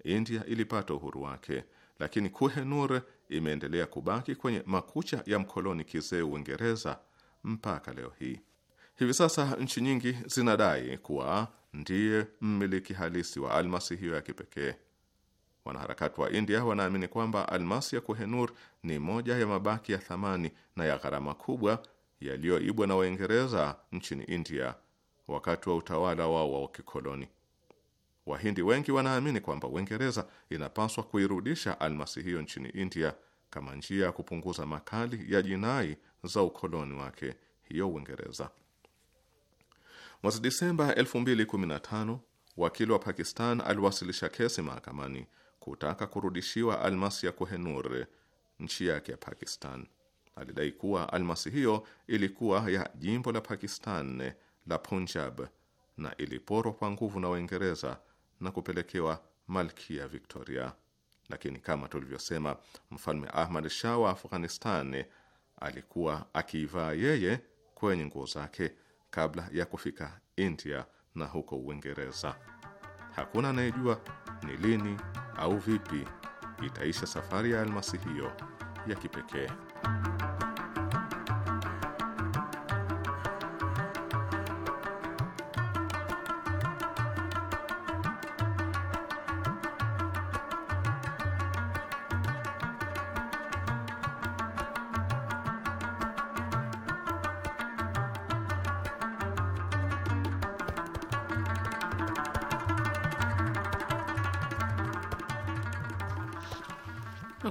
[SPEAKER 4] India ilipata uhuru wake, lakini kuhe Nur imeendelea kubaki kwenye makucha ya mkoloni kizee Uingereza mpaka leo hii. Hivi sasa nchi nyingi zinadai kuwa ndiye mmiliki halisi wa almasi hiyo ya kipekee. Wanaharakati wa India wanaamini kwamba almasi ya kuhenur ni moja ya mabaki ya thamani na ya gharama kubwa yaliyoibwa na Waingereza nchini India wakati wa utawala wao wa kikoloni. Wahindi wengi wanaamini kwamba Uingereza inapaswa kuirudisha almasi hiyo nchini India kama njia ya kupunguza makali ya jinai za ukoloni wake hiyo Uingereza. Mwezi Disemba 2015 wakili wa Pakistan aliwasilisha kesi mahakamani kutaka kurudishiwa almasi ya Kohenur nchi yake ya Pakistan. Alidai kuwa almasi hiyo ilikuwa ya jimbo la Pakistan la Punjab na iliporwa kwa nguvu na Waingereza na kupelekewa Malkia Victoria. Lakini kama tulivyosema, Mfalme Ahmad Shah wa Afghanistan alikuwa akiivaa yeye kwenye nguo zake kabla ya kufika India na huko Uingereza. Hakuna anayejua ni lini au vipi itaisha safari ya almasi hiyo ya kipekee.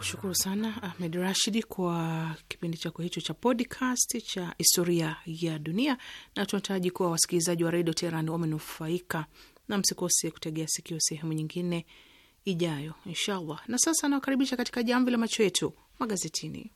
[SPEAKER 3] kushukuru sana Ahmed Rashidi kwa kipindi chako hicho cha podcast cha historia ya dunia, na tunataraji kuwa wasikilizaji wa redio Teheran wamenufaika, na msikose kutegea sikio sehemu nyingine ijayo inshallah. Na sasa nawakaribisha katika jamvi la macho yetu magazetini.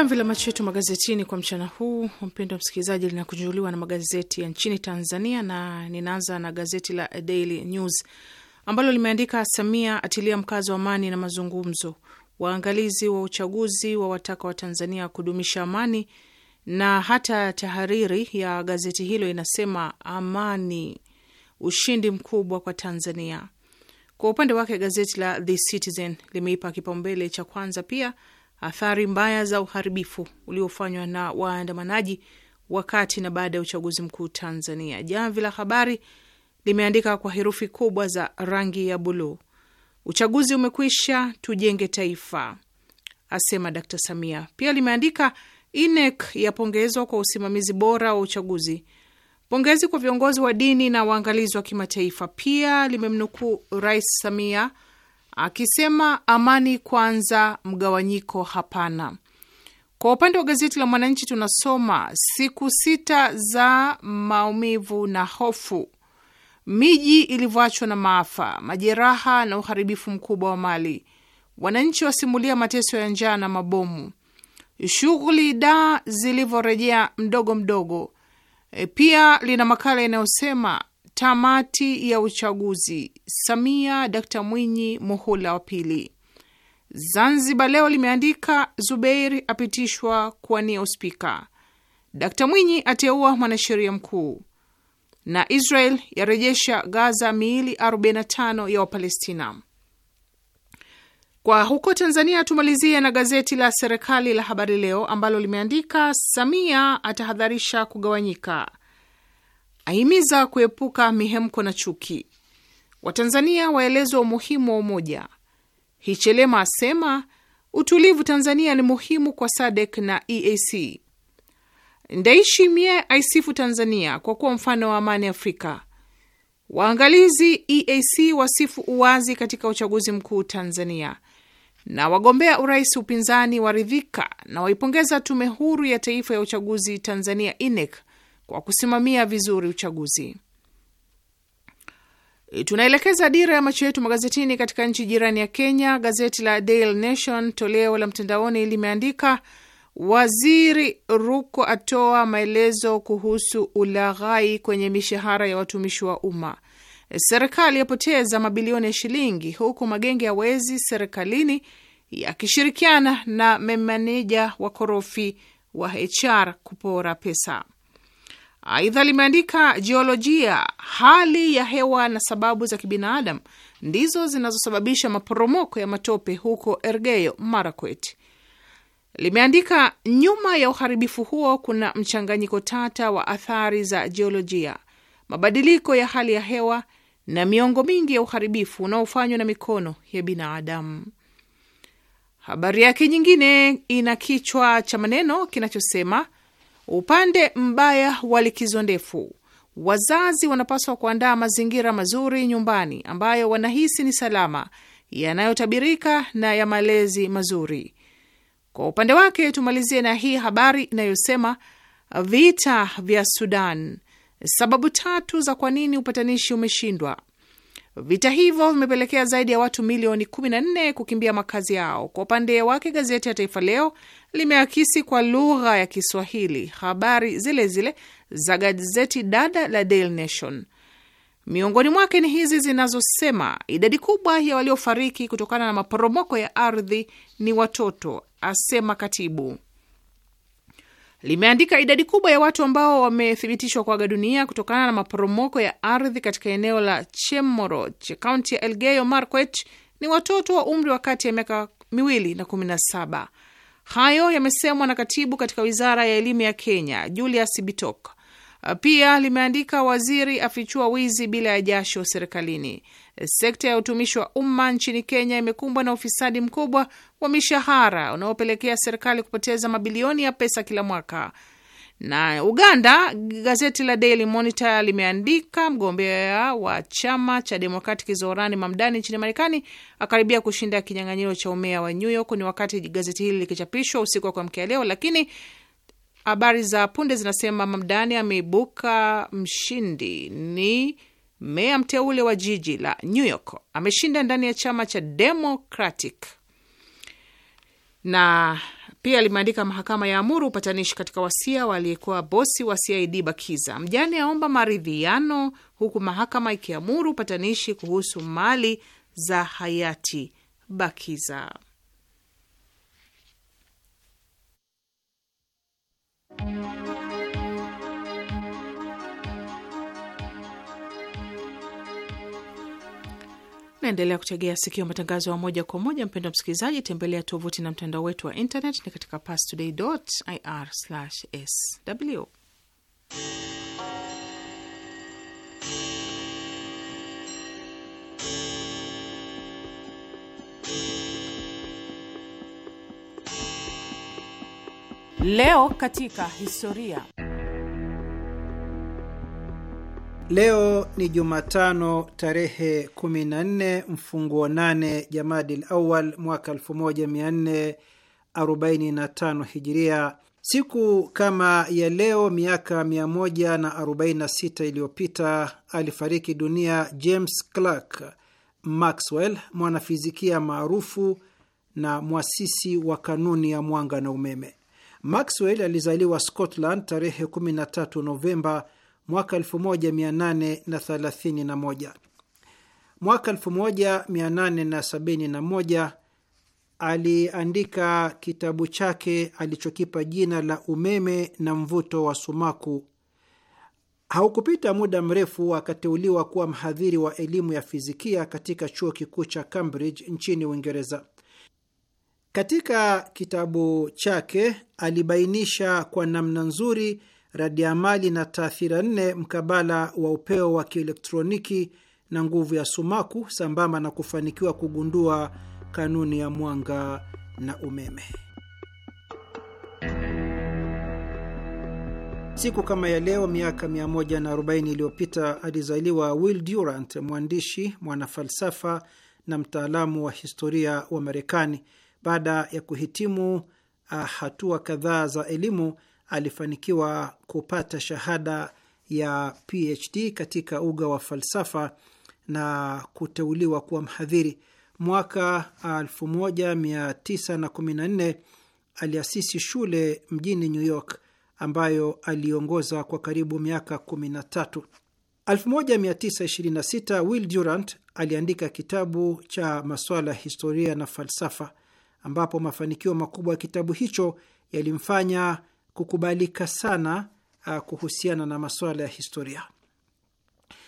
[SPEAKER 3] Jamvi la macho yetu magazetini kwa mchana huu, mpendo wa msikilizaji, linakunjuliwa na magazeti ya nchini Tanzania, na ninaanza na gazeti la Daily News ambalo limeandika Samia atilia mkazo wa amani na mazungumzo, waangalizi wa uchaguzi wa wataka wa Tanzania kudumisha amani, na hata tahariri ya gazeti hilo inasema amani ushindi mkubwa kwa Tanzania. Kwa upande wake gazeti la The Citizen limeipa kipaumbele cha kwanza pia athari mbaya za uharibifu uliofanywa na waandamanaji wakati na baada ya uchaguzi mkuu Tanzania. Jamvi la Habari limeandika kwa herufi kubwa za rangi ya buluu, uchaguzi umekwisha, tujenge taifa, asema Dkt Samia. Pia limeandika INEC yapongezwa kwa usimamizi bora wa uchaguzi, pongezi kwa viongozi wa dini na waangalizi wa kimataifa. Pia limemnukuu Rais Samia akisema amani kwanza, mgawanyiko hapana. Kwa upande wa gazeti la Mwananchi tunasoma siku sita za maumivu na hofu, miji ilivyoachwa na maafa, majeraha na uharibifu mkubwa wa mali, wananchi wasimulia mateso ya njaa na mabomu, shughuli daa zilivyorejea mdogo mdogo. E, pia lina makala inayosema Tamati ya uchaguzi, Samia Dkt Mwinyi muhula wa pili. Zanzibar Leo limeandika Zubeir apitishwa kuwania uspika, Dkt Mwinyi ateua mwanasheria mkuu, na Israel yarejesha Gaza miili 45 ya Wapalestina. Kwa huko Tanzania tumalizie na gazeti la serikali la Habari Leo ambalo limeandika Samia atahadharisha kugawanyika, ahimiza kuepuka mihemko na chuki. Watanzania waelezwa umuhimu wa umoja. Hichelema asema utulivu Tanzania ni muhimu kwa SADC na EAC. ndaishimie aisifu Tanzania kwa kuwa mfano wa amani Afrika. Waangalizi EAC wasifu uwazi katika uchaguzi mkuu Tanzania, na wagombea urais upinzani waridhika na waipongeza Tume Huru ya Taifa ya Uchaguzi Tanzania INEC kwa kusimamia vizuri uchaguzi. E, tunaelekeza dira ya macho yetu magazetini katika nchi jirani ya Kenya. Gazeti la Daily Nation toleo la mtandaoni limeandika Waziri Ruko atoa maelezo kuhusu ulaghai kwenye mishahara ya watumishi wa umma. E, serikali yapoteza mabilioni ya shilingi huku magenge ya wezi serikalini yakishirikiana na wa wakorofi wa HR kupora pesa. Aidha limeandika jiolojia, hali ya hewa na sababu za kibinadamu ndizo zinazosababisha maporomoko ya matope huko Ergeyo Marakwet. Limeandika nyuma ya uharibifu huo kuna mchanganyiko tata wa athari za jiolojia, mabadiliko ya hali ya hewa na miongo mingi ya uharibifu unaofanywa na mikono ya binadamu. Habari yake nyingine ina kichwa cha maneno kinachosema Upande mbaya wa likizo ndefu, wazazi wanapaswa kuandaa mazingira mazuri nyumbani ambayo wanahisi ni salama, yanayotabirika na ya malezi mazuri. Kwa upande wake, tumalizie na hii habari inayosema vita vya Sudan, sababu tatu za kwa nini upatanishi umeshindwa. Vita hivyo vimepelekea zaidi ya watu milioni 14 kukimbia makazi yao. Kwa upande wake, gazeti ya Taifa Leo limeakisi kwa lugha ya Kiswahili habari zile zile za gazeti dada la Daily Nation. Miongoni mwake ni hizi zinazosema idadi kubwa ya waliofariki kutokana na maporomoko ya ardhi ni watoto, asema katibu. Limeandika idadi kubwa ya watu ambao wamethibitishwa kuaga dunia kutokana na maporomoko ya ardhi katika eneo la Chemoroch, kaunti ya Elgeyo Marakwet, ni watoto wa umri wa kati ya miaka miwili na kumi na saba. Hayo yamesemwa na katibu katika wizara ya elimu ya Kenya, Julius Bitok. Uh, pia limeandika waziri afichua wizi bila ya jasho serikalini. Sekta ya utumishi wa umma nchini Kenya imekumbwa na ufisadi mkubwa wa mishahara unaopelekea serikali kupoteza mabilioni ya pesa kila mwaka. Na Uganda, gazeti la Daily Monitor limeandika mgombea wa chama cha Democratic zorani Mamdani nchini Marekani akaribia kushinda kinyang'anyiro cha umea wa New York. Ni wakati gazeti hili likichapishwa usiku wa kuamkia leo, lakini habari za punde zinasema Mamdani ameibuka mshindi, ni meya mteule wa jiji la New York, ameshinda ndani ya chama cha Democratic na pia alimeandika mahakama ya amuru upatanishi katika wasia waliyekuwa bosi wa CID Bakiza. Mjane aomba maridhiano, huku mahakama ikiamuru upatanishi kuhusu mali za hayati Bakiza. Naendelea kutegea sikio matangazo ya moja kwa moja. Mpendo wa msikilizaji, tembelea tovuti na mtandao wetu wa internet ni katika pastoday.ir/sw. Leo katika historia
[SPEAKER 1] Leo ni Jumatano tarehe 14 mfunguo 8 Jamadil Awal mwaka 1445 Hijiria. Siku kama ya leo miaka 146 iliyopita alifariki dunia James Clerk Maxwell, mwanafizikia maarufu na mwasisi wa kanuni ya mwanga na umeme. Maxwell alizaliwa Scotland tarehe 13 Novemba mwaka 1831. Mwaka 1871 aliandika kitabu chake alichokipa jina la Umeme na Mvuto wa Sumaku. Haukupita muda mrefu akateuliwa kuwa mhadhiri wa elimu ya fizikia katika chuo kikuu cha Cambridge nchini Uingereza. Katika kitabu chake alibainisha kwa namna nzuri radiamali na taathira nne mkabala wa upeo wa kielektroniki na nguvu ya sumaku, sambamba na kufanikiwa kugundua kanuni ya mwanga na umeme. Siku kama ya leo miaka 140 iliyopita alizaliwa Will Durant, mwandishi, mwanafalsafa na mtaalamu wa historia wa Marekani. Baada ya kuhitimu ah, hatua kadhaa za elimu, alifanikiwa kupata shahada ya PhD katika uga wa falsafa na kuteuliwa kuwa mhadhiri. Mwaka 1914 aliasisi shule mjini New York ambayo aliongoza kwa karibu miaka 13. 1926 Will Durant aliandika kitabu cha masuala ya historia na falsafa, ambapo mafanikio makubwa ya kitabu hicho yalimfanya kukubalika sana ah, kuhusiana na masuala ya historia.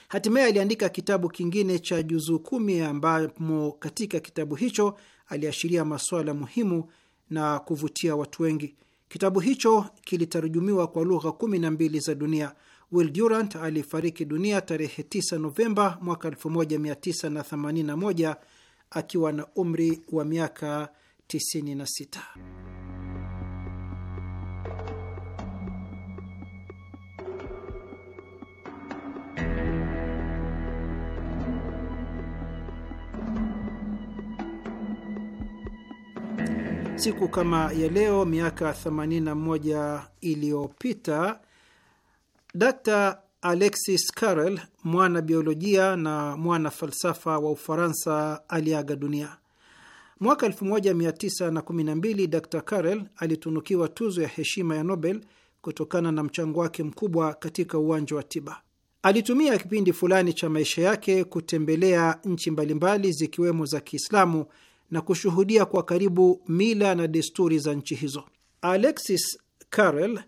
[SPEAKER 1] Hatimaye aliandika kitabu kingine cha juzuu kumi ambamo katika kitabu hicho aliashiria masuala muhimu na kuvutia watu wengi. Kitabu hicho kilitarujumiwa kwa lugha kumi na mbili za dunia. Will Durant alifariki dunia tarehe 9 Novemba mwaka 1981 akiwa na umri wa miaka 96. siku kama ya leo miaka 81 iliyopita Dr Alexis Carrel, mwana biolojia na mwana falsafa wa Ufaransa, aliaga dunia mwaka 1912. Dr Carrel alitunukiwa tuzo ya heshima ya Nobel kutokana na mchango wake mkubwa katika uwanja wa tiba. Alitumia kipindi fulani cha maisha yake kutembelea nchi mbalimbali zikiwemo za Kiislamu na kushuhudia kwa karibu mila na desturi za nchi hizo. Alexis Carrel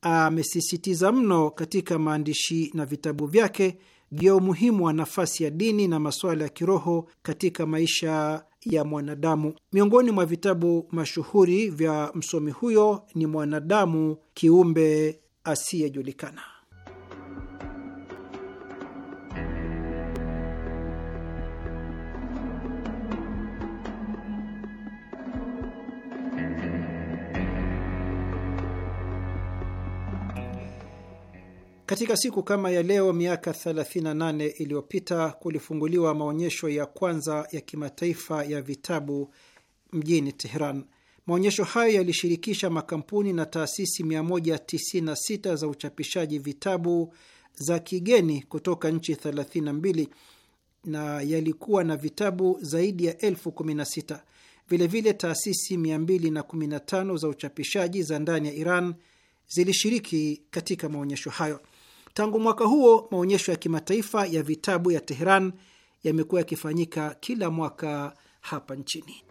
[SPEAKER 1] amesisitiza mno katika maandishi na vitabu vyake juu ya umuhimu wa nafasi ya dini na masuala ya kiroho katika maisha ya mwanadamu. Miongoni mwa vitabu mashuhuri vya msomi huyo ni Mwanadamu, Kiumbe Asiyejulikana. Katika siku kama ya leo miaka 38 iliyopita kulifunguliwa maonyesho ya kwanza ya kimataifa ya vitabu mjini Teheran. Maonyesho hayo yalishirikisha makampuni na taasisi 196 za uchapishaji vitabu za kigeni kutoka nchi 32 na yalikuwa na vitabu zaidi ya elfu Vilevile taasisi 215 za uchapishaji za ndani ya Iran zilishiriki katika maonyesho hayo. Tangu mwaka huo maonyesho ya kimataifa ya vitabu ya Teheran yamekuwa yakifanyika kila mwaka hapa nchini.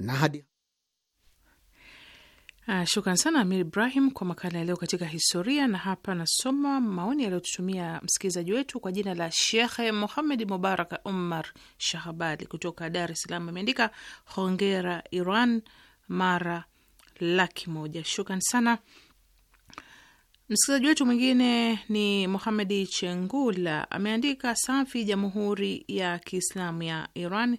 [SPEAKER 1] na hadi
[SPEAKER 3] Ah, shukran sana Amir Ibrahim kwa makala ya leo katika historia, na hapa nasoma maoni yaliyotutumia msikilizaji wetu kwa jina la Shekhe muhamed Mubarak umar Shahabali kutoka Dar es Salaam. Ameandika hongera Iran mara laki moja. Shukran sana. Msikilizaji wetu mwingine ni muhamedi Chengula, ameandika safi, Jamhuri ya Kiislamu ya Iran,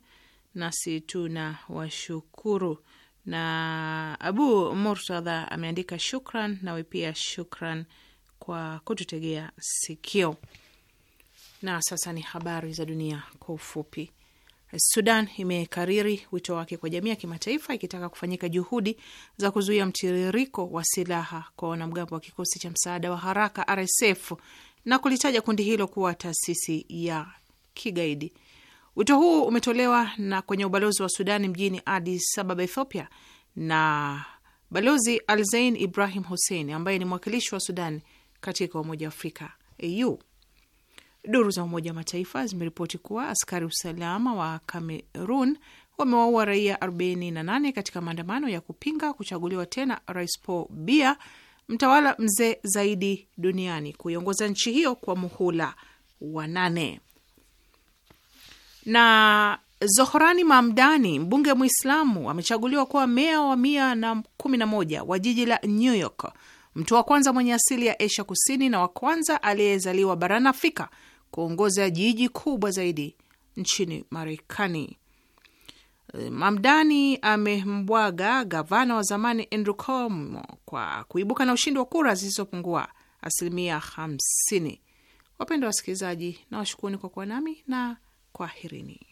[SPEAKER 3] nasi tuna washukuru na Abu Murtadha ameandika shukran, nawe pia shukran kwa kututegea sikio. Na sasa ni habari za dunia kwa ufupi. Sudan imekariri wito wake kwa jamii ya kimataifa ikitaka kufanyika juhudi za kuzuia mtiririko wa silaha kwa wanamgambo wa kikosi cha msaada wa haraka RSF na kulitaja kundi hilo kuwa taasisi ya kigaidi. Wito huu umetolewa na kwenye ubalozi wa Sudani mjini Adis Ababa, Ethiopia, na Balozi Alzein Ibrahim Hussein ambaye ni mwakilishi wa Sudan katika Umoja wa Afrika au Duru za Umoja wa Mataifa zimeripoti kuwa askari usalama wa cameron wamewaua raia 48 katika maandamano ya kupinga kuchaguliwa tena Rais Paul Biya, mtawala mzee zaidi duniani, kuiongoza nchi hiyo kwa muhula wa nane. Na Zohrani Mamdani, mbunge Mwislamu, amechaguliwa kuwa meya wa mia na kumi na moja wa jiji la New York, mtu wa kwanza mwenye asili ya Asia Kusini na wa kwanza aliyezaliwa barani Afrika kuongoza jiji kubwa zaidi nchini Marekani. Mamdani amembwaga gavana wa zamani Andrew Cuomo kwa kuibuka na ushindi wa kura zisizopungua asilimia 50. Wapendwa wasikilizaji, na kwa kuwa nami na Kwaherini.